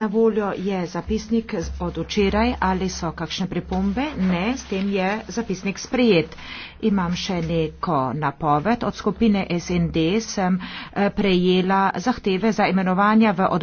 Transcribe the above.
Na voljo je zapisnik od včeraj, ali so kakšne pripombe? Ne, s tem je zapisnik sprejet. Imam še neko napoved. Od skupine SND sem eh, prejela zahteve za imenovanja v odboru.